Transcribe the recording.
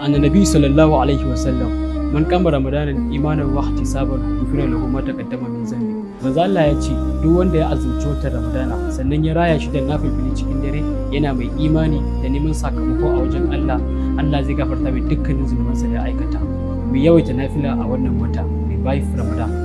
أن النبي alaihi الله عليه kama من قام رمضان إيمانا واحتسابا غفر له ما تقدم من manzo Allah ya ce duk wanda ya azumci wata Ramadana sannan ya raya shi da nafifili cikin dare yana mai imani da neman sakamako a wajen Allah Allah zai gafarta mai dukkanin zunubansa da aikata mu yawaita nafila a wannan wata mai bayi Ramadan